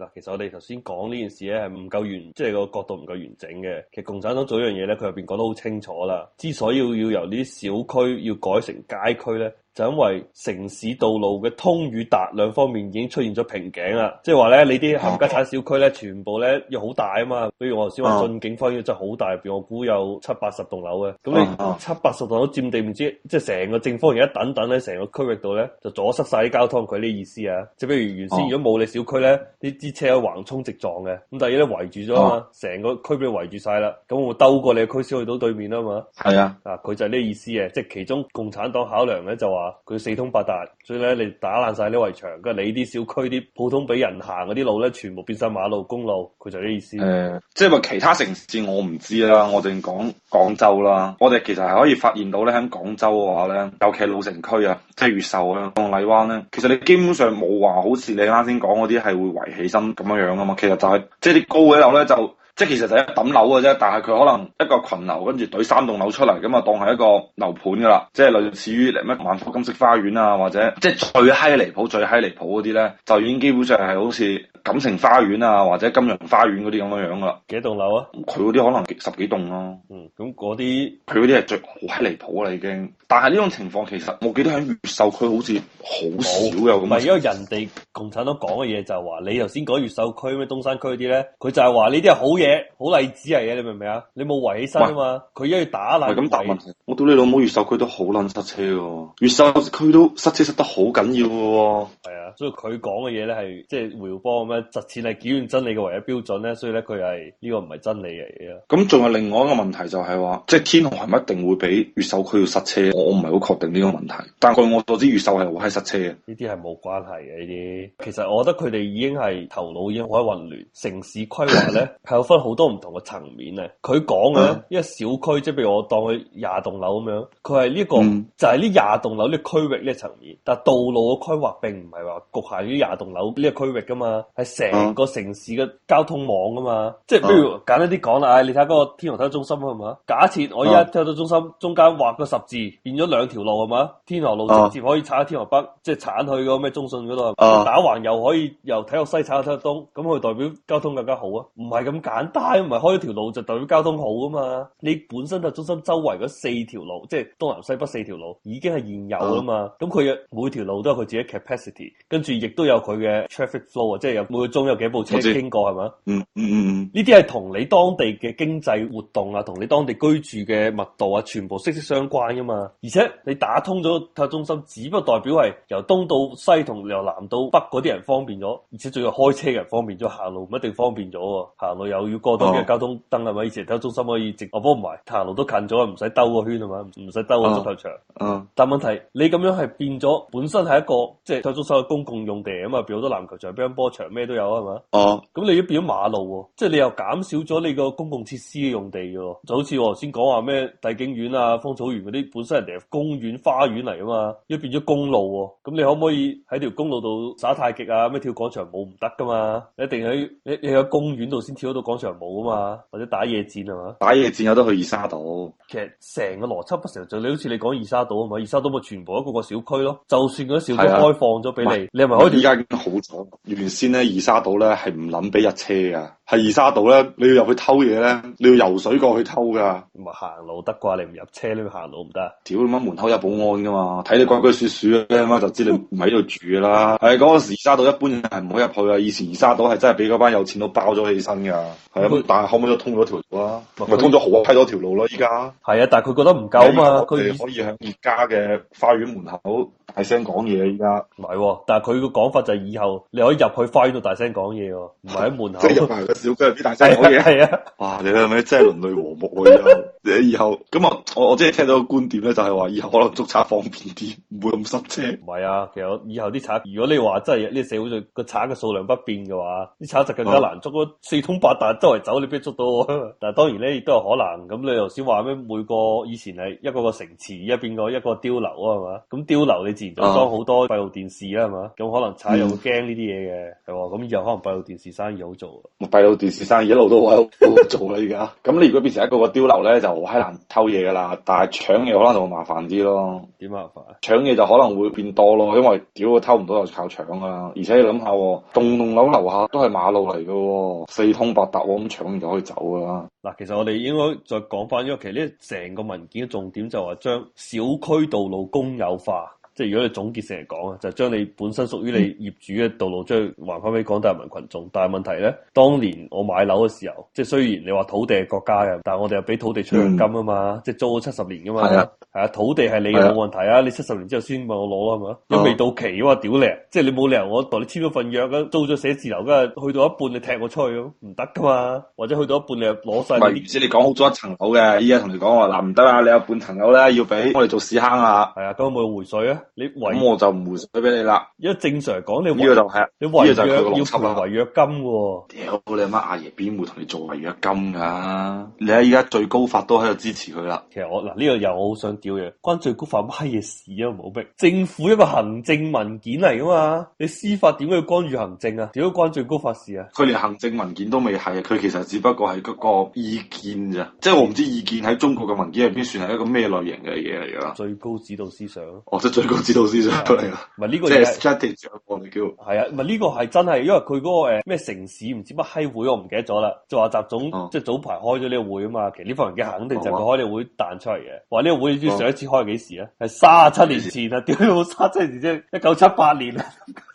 嗱，其實我哋頭先講呢件事咧，係唔夠完，即係個角度唔夠完整嘅。其實共產黨做一樣嘢咧，佢入邊講得好清楚啦。之所以要由呢啲小區要改成街區咧。就因為城市道路嘅通與達兩方面已經出現咗瓶頸啦，即係話咧，你啲冚家產小區咧，全部咧要好大啊嘛。比如我頭先話俊景方園真係好大入邊，我估有七八十棟樓嘅。咁你七八十棟樓佔地唔知，即係成個正方形一等等咧，成個區域度咧就阻塞晒啲交通。佢呢意思啊，即係譬如原先如果冇你小區咧，呢啲車啊橫衝直撞嘅，咁但係而家圍住咗啊嘛，成個區俾你圍住晒啦，咁我兜過你嘅區先去到對面啊嘛。係是啊，啊，啊佢就係呢意思啊，即係其中共產黨考量咧就話。佢四通八達，所以咧你打爛晒呢圍牆，跟住你啲小區啲普通俾人行嗰啲路咧，全部變晒馬路公路，佢就呢意思。誒、呃，即係話其他城市我唔知啦，我哋講廣州啦。我哋其實係可以發現到咧，喺廣州嘅話咧，尤其老城區啊，即係越秀啊、啦、荔灣咧，其實你基本上冇話好似你啱先講嗰啲係會圍起身咁樣樣噶嘛。其實就係、是、即係啲高嘅樓咧就。即其實就係一棟樓嘅啫，但係佢可能一個群樓跟住堆三棟樓出嚟，咁啊當係一個樓盤㗎啦。即係類似於咩萬科金色花園啊，或者即係最閪離譜、最閪離譜嗰啲咧，就已經基本上係好似錦城花園啊，或者金融花園嗰啲咁樣樣噶啦，幾多棟樓啊？佢嗰啲可能十幾棟咯，啊。嗯，咁嗰啲佢嗰啲係最好閪離譜啦已經。但係呢種情況其實我記得喺越秀區好似好少有咁。唔係，哦，因為人哋共產黨講嘅嘢就係、是、話，你頭先講越秀區咩？東山區啲咧，佢就係話呢啲係好嘢、好例子嚟嘅。你明唔明啊？你冇圍起身啊嘛？佢一是要打爛，咁大問題。我對你老母越秀區都好撚塞車嘅，越秀區都，都塞車塞得好緊要嘅。係啊。所以佢講嘅嘢咧係即係胡耀邦咁樣，實踐係檢驗真理嘅唯一標準咧。所以咧，佢係呢個唔係真理嚟嘅。咁仲有另外一個問題就係話，即係天河係咪一定會比越秀區要塞車，我唔係好確定呢個問題。但佢我所知，越秀係好閪塞車嘅。呢啲係冇關係嘅。呢啲其實我覺得佢哋已經係頭腦已經好閪混亂。城市規劃咧係 有分好多唔同嘅層面嘅。佢講嘅呢一個 小區，即係譬如我當佢廿棟樓咁樣，佢係呢一個就係呢廿棟樓呢區域呢層面，但道路嘅規劃並唔係話，局限於廿棟樓呢個區域㗎嘛，係成個城市嘅交通網㗎嘛。即係譬如、啊、簡單啲講啦，你睇嗰個天河體育中心係嘛？假設我而家體育中心、啊、中間畫個十字，變咗兩條路係嘛？天河路直接可以鏟喺天河北，即係鏟去嗰咩中信嗰度，啊、打橫又可以由體育西鏟去體育東，咁佢代表交通更加好啊？唔係咁簡單，唔係開一條路就代表交通好㗎嘛。你本身就中心周圍嗰四條路，即係東南西北四條路，已經係現有㗎嘛。咁佢每條路都有佢自己 capacity。跟住亦都有佢嘅 traffic flow 啊，即係有每個鐘有幾部車經過，係嘛吧、嗯？嗯嗯嗯，呢啲係同你當地嘅經濟活動啊，同你當地居住嘅密度啊，全部息息相關噶嘛。而且你打通咗體育中心，只不過代表係由東到西同由南到北嗰啲人方便咗，而且仲要開車嘅人方便咗，行路唔一定方便咗喎。行路又要過多啲嘅交通燈係咪？以前體育中心可以直哦，幫唔係行路都近咗，唔使兜個圈係嘛，唔使兜個足球場。嗯、uh huh.，但問題，你咁樣係變咗本身係一個，即係體育中心嘅公共用地啊嘛，變好多籃球場、乒乓波場，咩都有啊嘛。哦，咁你都變咗馬路喎，即係你又減少咗你個公共設施嘅用地噶喎。就好似我頭先講話咩帝景苑啊、芳草園嗰啲，本身人哋係公園、花園嚟啊嘛，一變咗公路喎。咁你可唔可以喺條公路度耍太極啊？咩跳廣場舞唔得噶嘛？你一定喺你你喺公園度先跳得到廣場舞啊嘛，或者打野戰啊嘛。打野戰有得去二沙島。其實成個邏輯不成就你好似你講二沙島啊嘛，二沙島咪全部一個個小區咯。就算嗰啲小區開放咗俾你。你係咪可以？依家好咗，原先咧二沙島咧係唔諗俾一車啊！係二沙島咧，你要入去偷嘢咧，你要游水過去偷噶。唔係行路得啩？你唔入車呢？你行路唔得。屌你媽！門口有保安噶嘛，睇你鬼鬼祟祟咧，咩 就知你唔喺度住啦。係嗰個時，二沙島一般係唔可以入去噶。以前二沙島係真係俾嗰班有錢佬包咗起身噶。係啊，但係後尾都通咗條路啦，咪通咗好一批咗條路咯。依家係啊，但係佢覺得唔夠啊嘛。佢他可以喺而家嘅花園門口大聲講嘢。依家唔係，但係佢個講法就係以後你可以入去花園度大聲講嘢，唔係喺門口。 小區比大聲，係啊！ 哇，你係咪真係鄰裏和睦喎！以你 以後咁我我我即係聽到個觀點咧，就係話以後可能捉賊方便啲，唔會咁塞車。唔係啊，其實以後啲賊，如果你話真係呢個社會上個賊嘅數量不變嘅話，啲賊就更加難捉，嗯、四通八達周圍走，你邊捉到？但係當然咧，亦都有可能。咁你頭先話咩？每個以前係一個個城池入邊個一個碉樓啊嘛，咁碉樓你自然就裝好多閉路電視啊，係嘛？咁可能賊又會驚呢啲嘢嘅，係喎。咁以後可能閉路電視生意好做。嗯電視生意一路都喺度做啦，而家咁你如果變成一個個碉樓咧，就好難偷嘢噶啦。但係搶嘢可能就會麻煩啲咯。點麻煩？搶嘢就可能會變多咯，因為屌，偷唔到就靠搶㗎啦！而且你諗下，棟棟樓樓下都係馬路嚟噶， 四通八達，咁搶完就可以走噶啦。嗱，其實我哋應該再講翻，因為其實呢成個文件嘅重點就話將小區道路公有化。即係如果你總結成嚟講啊，就係、將你本身屬於你業主嘅道路，將還翻俾廣大人民群眾。但係問題咧，當年我買樓嘅時候，即係雖然你話土地係國家嘅，但係我哋又俾土地出年金啊嘛，嗯、即係租咗七十年嘅嘛。係啊，係啊，土地係你冇、啊、問題啊，你七十年之後先問我攞啊嘛，嗯、因為到期嘅、啊、話屌你、啊，即係你冇理由我代你簽咗份約，租咗寫字樓，咁去到一半你踢我出去囉，唔得噶嘛。或者去到一半你又攞晒，啲，知你講好咗一層樓嘅，依家同你講話嗱唔得啦，你有半層樓咧要俾我哋做屎坑啊。係啊，咁有冇回水啊？你咁、嗯、我就唔會水俾你啦。因為正常嚟講，你呢個就係、是、你違為約要付違約金嘅、啊。屌、啊、你媽，阿爺邊會同你做違約金噶、啊？你喺而家最高法都喺度支持佢啦。其實我嗱呢、啊這個又我好想屌嘅，關最高法乜嘢事啊？冇逼政府一個行政文件嚟噶嘛？你司法點解要干預行政啊？點解關最高法事啊？佢連行政文件都未係，佢其實只不過係嗰個意見咋。即係我唔知意見喺中國嘅文件入邊算係一個咩類型嘅嘢嚟噶？最高指導思想。哦，即最。指導思想出嚟啊！唔係呢個即係啊！唔係呢個係真係，因為佢嗰、那個咩、呃、城市唔知乜閪會，我唔記得咗啦。就話習總即係、嗯、早排開咗呢個會啊嘛，其實呢份人嘅肯定就係佢開呢個會彈出嚟嘅。話呢、嗯、個會你知上一次開係幾時啊？係卅七年前啊？屌、嗯，解冇卅七年前？一九七八年啊！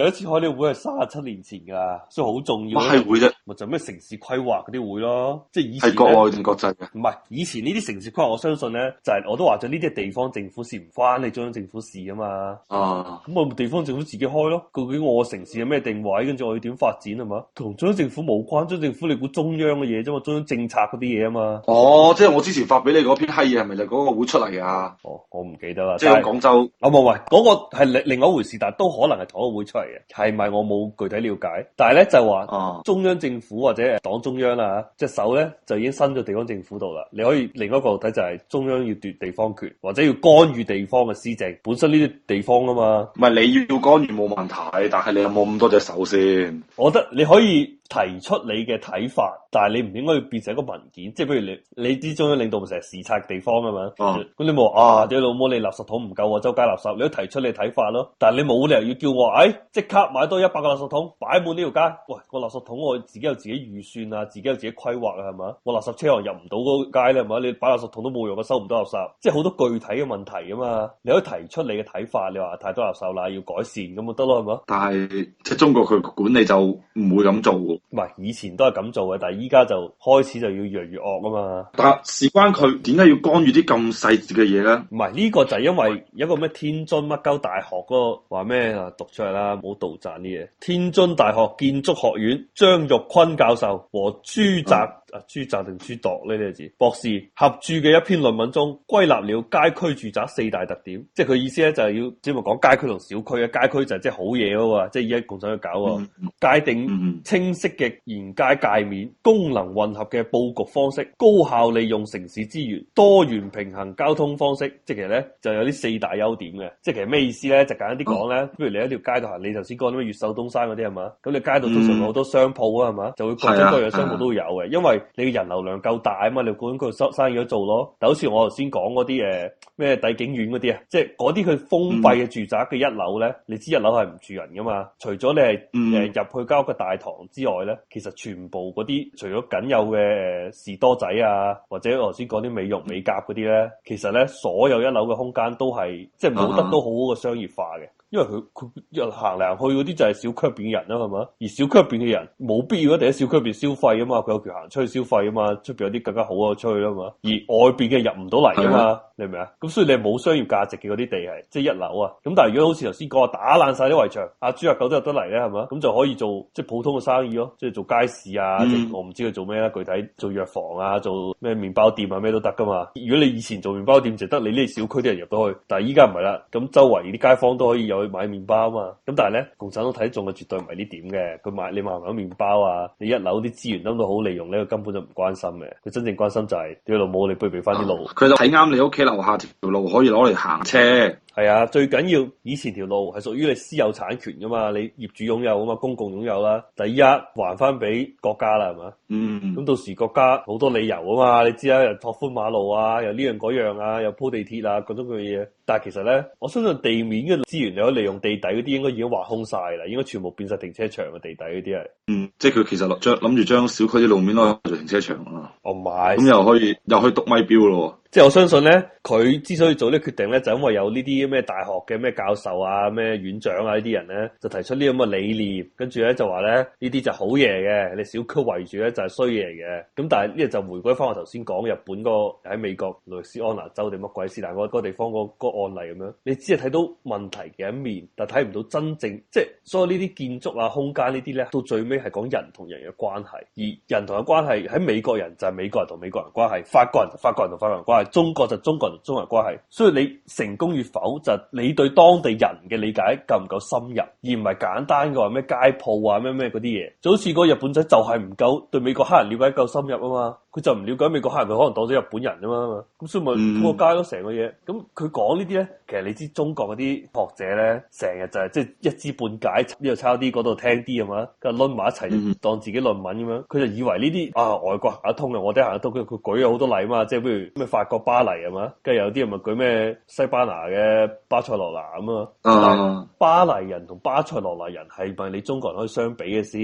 上一次開呢個會係三十七年前㗎，所以好重要。乜係會啫？咪就咩、是、城市規劃嗰啲會咯，即係以前係國外定國際嘅？唔係，以前呢啲城市規劃，我相信咧就係、是、我都話咗呢啲地方政府事唔關你中央政府事啊嘛。哦、嗯，咁我地方政府自己開咯，究竟我城市有咩定位，跟住我要點發展啊嘛？同中央政府冇關，中央政府你估中央嘅嘢啫嘛？中央政策嗰啲嘢啊嘛。哦，oh, 即係我之前發俾你嗰篇閪嘢係咪就嗰個會出嚟啊？哦，我唔記得啦。即係廣州？啊唔係，嗰個係另另一回事，但都可能係同一個會出嚟。係咪我冇具體了解？但係咧就話中央政府或者黨中央啦、啊、吓，隻手咧就已經伸咗地方政府度啦。你可以另一個睇就係、是、中央要奪地方權，或者要干預地方嘅施政。本身呢啲地方啊嘛，唔係你要干預冇問題，但係你有冇咁多隻手先？我覺得你可以。提出你嘅睇法，但係你唔應該要變成一個文件，即係比如你你知中央領導成日視察地方係嘛？咁、啊、你冇啊屌老母你垃圾桶唔夠啊，周街垃圾，你都提出你睇法咯。但係你冇理由要叫我，哎即刻買多一百個垃圾桶擺滿呢條街。喂，個垃圾桶我自己有自己預算啊，自己有自己規劃啊，係嘛？我垃圾車行入唔到嗰個街咧，係嘛？你擺垃圾桶都冇用啊，收唔到垃圾，即係好多具體嘅問題啊嘛。你可以提出你嘅睇法，你話太多垃圾啦，要改善咁咪得咯，係咪？但係即係中國佢管理就唔會咁做。唔係以前都係咁做嘅，但係依家就開始就要越嚟越惡啊嘛。但事關佢點解要干預啲咁細節嘅嘢咧？唔係呢個就係因為有一個咩天津乜鳩大學嗰個話咩讀出嚟啦，冇杜撰啲嘢。天津大學建築學院張玉坤教授和朱澤。嗯啊，住宅定住獨呢？呢個字博士合著嘅一篇論文中歸納了街區住宅四大特點，即係佢意思咧就係要只係講街區同小區嘅街區就係即係好嘢喎，即係依家共同去搞喎。 界定清晰嘅沿街界面，功能混合嘅佈局方式，高效利用城市資源，多元平衡交通方式，即係其實咧就有呢四大優點嘅。即係其實咩意思咧？就簡單啲講咧，不、嗯、如你喺條街度行，你頭先講啲咩越秀東山嗰啲係嘛？咁你街度都上有好多商鋪啊係嘛？就會各種各樣商鋪都會有嘅，因為你嘅人流量夠大啊嘛，你管佢生生意都做咯。就好似我頭先講嗰啲誒咩帝景苑嗰啲啊，即係嗰啲佢封閉嘅住宅嘅一樓咧，你知一樓係唔住人㗎嘛？除咗你係誒入去交個大堂之外咧，其實全部嗰啲除咗僅有嘅誒士多仔啊，或者我頭先講啲美容美甲嗰啲咧，其實咧所有一樓嘅空間都係即係冇得到好嘅商業化嘅。因為佢佢，一行嚟行去嗰啲就係小區入邊嘅人啦，係嘛？而小區入邊嘅人冇必要一定喺小區入邊消費啊嘛，佢有權行出去消費啊嘛，出邊有啲更加好啊出去啊嘛。而外邊嘅入唔到嚟啊嘛，的你明唔明啊？咁所以你冇商業價值嘅嗰啲地係即係一樓啊。咁但係如果好似頭先講話打爛晒啲圍牆，阿豬阿狗都入得嚟咧，係嘛？咁就可以做即係普通嘅生意咯，即係做街市啊，嗯、我唔知佢做咩啦，具體做藥房啊，做咩麵包店啊咩都得噶嘛。如果你以前做麵包店，值得你呢小區啲人入到去，但係依家唔係啦，咁周圍啲街坊都可以有。去買麵包啊嘛，咁但係咧共產黨睇中嘅絕對唔係呢點嘅。佢買你買唔到麵包啊，你一樓啲資源得到好利用你個，根本就唔關心嘅，佢真正關心就係屌老母，你不如畀翻啲路，佢、啊、就睇啱你屋企樓下條路可以攞嚟行車。係啊，最緊要以前條路係屬於你私有產權噶嘛，你業主擁有噶嘛，公共擁有啦。第一還翻俾國家啦，係嘛？嗯。咁到時國家好多理由啊嘛，你知啦，啊，又拓寬馬路啊，又呢樣嗰樣啊，又鋪地鐵啊，各種各樣嘢。但係其實咧，我相信地面嘅資源你可以利用地底嗰啲，應該已經挖空晒啦，應該全部變晒停車場嘅地底嗰啲係。嗯，即係佢其實落將諗住將小區啲路面攞嚟做停車場啊嘛。哦買、oh, my 嗯。咁又可以又可以讀咪錶咯。即係我相信咧，佢之所以做呢決定咧，就是、因為有呢啲咩大學嘅咩教授啊、咩院長啊呢啲人咧，就提出呢啲咁嘅理念，跟住咧就話咧呢啲就好嘢嘅，你小區圍住咧就係衰嘢嘅。咁但係呢就回歸翻我頭先講日本個喺美國路易斯安娜州定乜鬼斯但嗰、那個地方嗰、那個案例咁樣，你只係睇到問題嘅一面，但睇唔到真正即係所有呢啲建築啊、空間呢啲咧，到最尾係講人同人嘅關係，而人同嘅關係喺美國人就係美國人同美國人關係，法國人同法國人同法國人關係。中國就中國人同中華關係，所以你成功與否就是、你對當地人嘅理解夠唔夠深入，而唔係簡單嘅話咩街鋪啊咩咩嗰啲嘢，就好似個日本仔就係唔夠對美國黑人了解夠深入啊嘛，佢就唔了解美國黑人，佢可能當咗日本人啊嘛，咁所以咪通過街咯成個嘢。咁佢講呢啲咧，其實你知中國嗰啲學者咧，成日就係即係一知半解，呢度抄啲，嗰度聽啲咁嘛。跟住攆埋一齊當自己論文咁、啊、樣，佢就以為呢啲啊外國行得通嘅，我哋行得通。佢佢舉咗好多例啊嘛，即係譬如咩法個巴黎吖嘛，跟住有啲人咪舉咩西班牙嘅巴塞羅那吖嘛？嗯、巴黎人同巴塞羅那人係咪你中國人可以相比嘅先？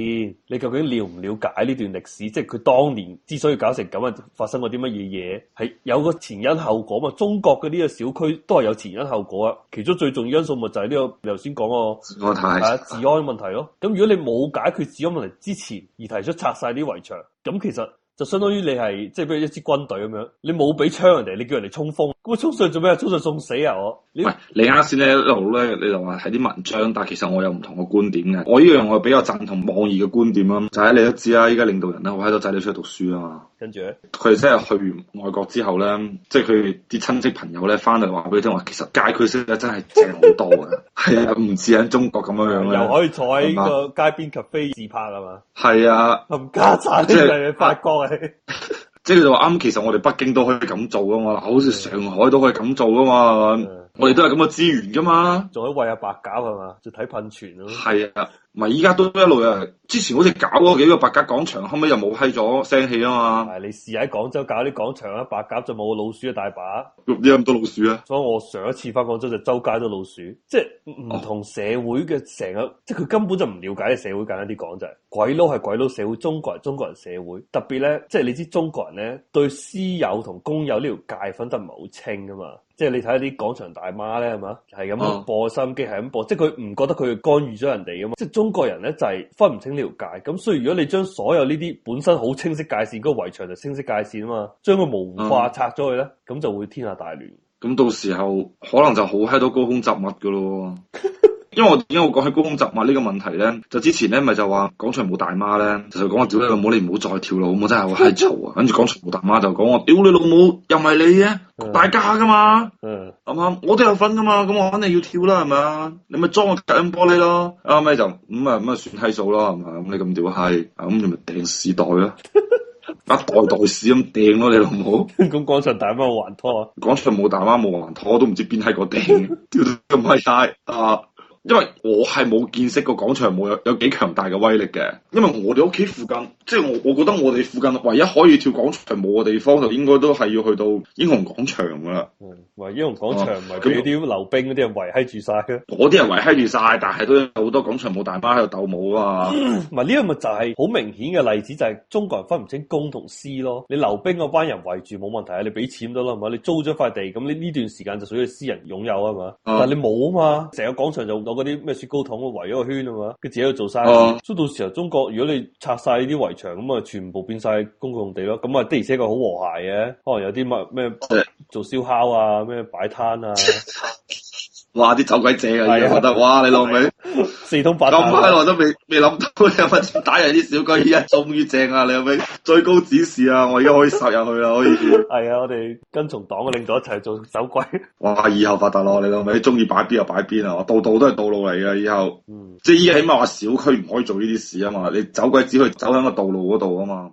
你究竟了唔了解呢段歷史？即係佢當年之所以搞成咁啊，發生過啲乜嘢嘢？係有個前因後果嘛。中國嘅呢個小區都係有前因後果啊。其中最重要因素咪就係呢個你頭先講個，我睇治安問題咯。咁、嗯、如果你冇解決治安問題之前而提出拆晒啲圍牆，咁其實。就相當於你係，即係比如一支軍隊咁樣，你冇俾槍人哋，你叫人哋衝鋒。沽充數做咩啊？充數送死啊我！我唔係你啱先咧， 你你一路咧你就話係啲文章，但係其實我有唔同嘅觀點嘅。我呢樣我比較贊同網易嘅觀點啊。就係你都知啦，依家領導人咧，我喺度仔女出去讀書啊嘛。跟住咧，佢哋真係去完外國之後咧，即係佢啲親戚朋友咧翻嚟話俾你聽，話其實街區食嘅真係正好多嘅。係啊，唔似喺中國咁樣樣 又可以坐喺呢個街邊 cafe 自拍啊嘛。係啊，林嘉產嚟嘅法國啊。 即係佢就話，啱，其實我哋北京都可以咁做噶嘛，好似上海都可以咁做噶嘛。我哋都係咁嘅資源噶嘛，仲喺餵下白鴿係嘛？就睇噴泉咯。係啊，咪依家都一路啊。之前好似搞嗰幾個白鴿廣場，後尾又冇閪咗聲氣啊嘛。係你試喺廣州搞啲廣場啊，白鴿就冇老鼠啊大把。點解咁多老鼠啊？所以我上一次翻廣州就周街都老鼠，即係唔同社會嘅成日。哦、即係佢根本就唔了解嘅社會簡單啲講就係、是、鬼佬係鬼佬社會，中國人中國人社會特別咧，即係你知中國人咧對私有同公有呢條界分得唔係好清噶嘛。即係你睇下啲廣場大媽咧，係嘛？係咁播收音機，係咁播，即係佢唔覺得佢干預咗人哋啊嘛！即係中國人咧就係、是、分唔清呢條界，咁所以如果你將所有呢啲本身好清晰界線嗰個圍牆就清晰界線啊嘛，將佢模糊化拆咗佢咧，咁、嗯、就會天下大亂。咁、嗯、到時候可能就好喺度高空雜物噶咯。 因為我因為我講起高空雜物呢個問題咧，就之前咧咪就話廣場舞大媽咧，就講我屌你老母，你唔好再跳啦，咁我真係好閪嘈啊！跟住廣場舞大媽就講我屌你老母，又咪你啊？ 大家噶嘛，啱啱？ 我都有份噶嘛，咁我肯定要跳啦，係咪啊？你咪裝我隔音玻璃咯，啱後尾就咁啊咁啊，算閪數咯，係咪？咁你咁屌閪，咁你咪掟屎袋咯，一袋袋屎咁掟咯，你老母咁廣、 嗯、場大媽還拖？啊？廣場舞大媽冇還拖，我都唔知邊係個掟，咁閪大啊！因為我係冇見識過廣場舞有有幾強大嘅威力嘅，因為我哋屋企附近，即係我我覺得我哋附近唯一可以跳廣場舞嘅地方就應該都係要去到英雄廣場噶啦。嗯，英雄廣場唔係俾啲溜冰嗰啲人圍喺住晒嘅。嗰啲人圍喺住晒，但係都有好多廣場舞大媽喺度鬥舞啊、嗯。唔係呢個咪就係好明顯嘅例子，就係中國人分唔清公同私咯。你溜冰嗰班人圍住冇問題啊，你俾錢得啦，係嘛？你租咗塊地，咁你呢段時間就屬於私人擁有啊、嗯、嘛。但係你冇啊嘛，成個廣場就我。嗰啲咩雪糕桶圍咗個圈啊嘛，佢自己去做生意。所、哦 so, 到時候中國如果你拆晒呢啲圍牆咁啊，全部變晒公共地咯。咁啊的而且確好和諧嘅，可能有啲乜咩做燒烤啊，咩擺攤啊， 哇啲走鬼姐啊，覺得、啊、哇、啊、你老味。四通八達，咁耐都未未諗到你有乜打人啲小鬼，依家終於正啊！你有冇最高指示啊？我而家可以殺入去啦，可以。係 啊，我哋跟從黨嘅領導一齊做走鬼。哇！以後發達咯，你老味，你中意擺邊就擺邊啊！道道都係道路嚟噶，以後，嗯，即係依家起碼，話小區唔可以做呢啲事啊嘛。你走鬼只可以走喺個道路嗰度啊嘛。